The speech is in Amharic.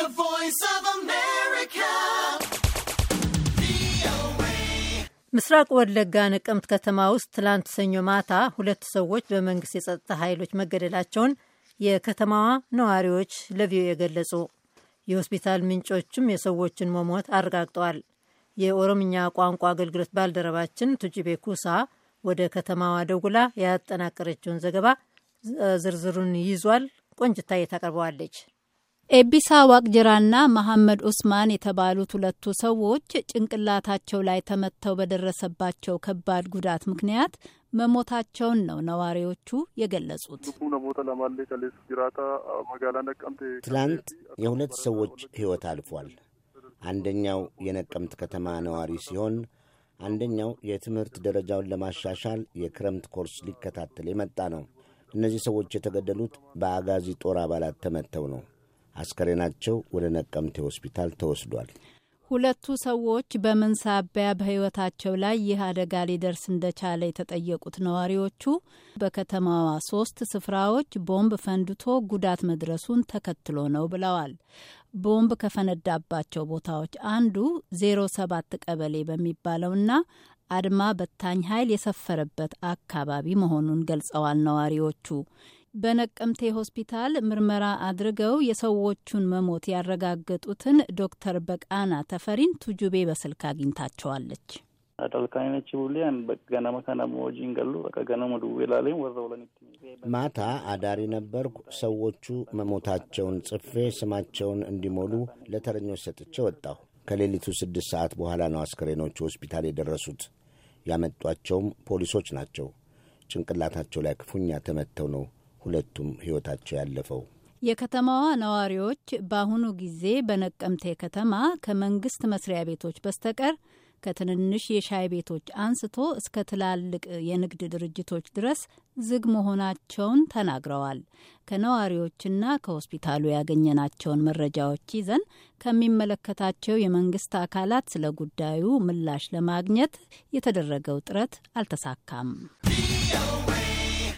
The Voice of America. ምስራቅ ወለጋ ነቀምት ከተማ ውስጥ ትላንት ሰኞ ማታ ሁለት ሰዎች በመንግስት የጸጥታ ኃይሎች መገደላቸውን የከተማዋ ነዋሪዎች ለቪኦኤ ገለጹ። የሆስፒታል ምንጮችም የሰዎችን መሞት አረጋግጠዋል። የኦሮምኛ ቋንቋ አገልግሎት ባልደረባችን ቱጂቤ ኩሳ ወደ ከተማዋ ደውላ ያጠናቀረችውን ዘገባ ዝርዝሩን ይዟል። ቆንጅታ ታቀርበዋለች። ኤቢሳ ዋቅጅራና መሐመድ ኡስማን የተባሉት ሁለቱ ሰዎች ጭንቅላታቸው ላይ ተመተው በደረሰባቸው ከባድ ጉዳት ምክንያት መሞታቸውን ነው ነዋሪዎቹ የገለጹት። ትላንት የሁለት ሰዎች ሕይወት አልፏል። አንደኛው የነቀምት ከተማ ነዋሪ ሲሆን አንደኛው የትምህርት ደረጃውን ለማሻሻል የክረምት ኮርስ ሊከታተል የመጣ ነው። እነዚህ ሰዎች የተገደሉት በአጋዚ ጦር አባላት ተመተው ነው። አስከሬናቸው ወደ ነቀምቴ ሆስፒታል ተወስዷል። ሁለቱ ሰዎች በምን ሳቢያ በሕይወታቸው ላይ ይህ አደጋ ሊደርስ እንደቻለ የተጠየቁት ነዋሪዎቹ በከተማዋ ሶስት ስፍራዎች ቦምብ ፈንድቶ ጉዳት መድረሱን ተከትሎ ነው ብለዋል። ቦምብ ከፈነዳባቸው ቦታዎች አንዱ 07 ቀበሌ በሚባለውና አድማ በታኝ ኃይል የሰፈረበት አካባቢ መሆኑን ገልጸዋል ነዋሪዎቹ። በነቀምቴ ሆስፒታል ምርመራ አድርገው የሰዎቹን መሞት ያረጋገጡትን ዶክተር በቃና ተፈሪን ቱጁቤ በስልክ አግኝታቸዋለች። ማታ አዳሪ ነበርኩ። ሰዎቹ መሞታቸውን ጽፌ ስማቸውን እንዲሞሉ ለተረኞች ሰጥቼ ወጣሁ። ከሌሊቱ ስድስት ሰዓት በኋላ ነው አስክሬኖቹ ሆስፒታል የደረሱት። ያመጧቸውም ፖሊሶች ናቸው። ጭንቅላታቸው ላይ ክፉኛ ተመተው ነው ሁለቱም ሕይወታቸው ያለፈው። የከተማዋ ነዋሪዎች በአሁኑ ጊዜ በነቀምቴ ከተማ ከመንግስት መስሪያ ቤቶች በስተቀር ከትንንሽ የሻይ ቤቶች አንስቶ እስከ ትላልቅ የንግድ ድርጅቶች ድረስ ዝግ መሆናቸውን ተናግረዋል። ከነዋሪዎችና ከሆስፒታሉ ያገኘናቸውን መረጃዎች ይዘን ከሚመለከታቸው የመንግስት አካላት ስለ ጉዳዩ ምላሽ ለማግኘት የተደረገው ጥረት አልተሳካም።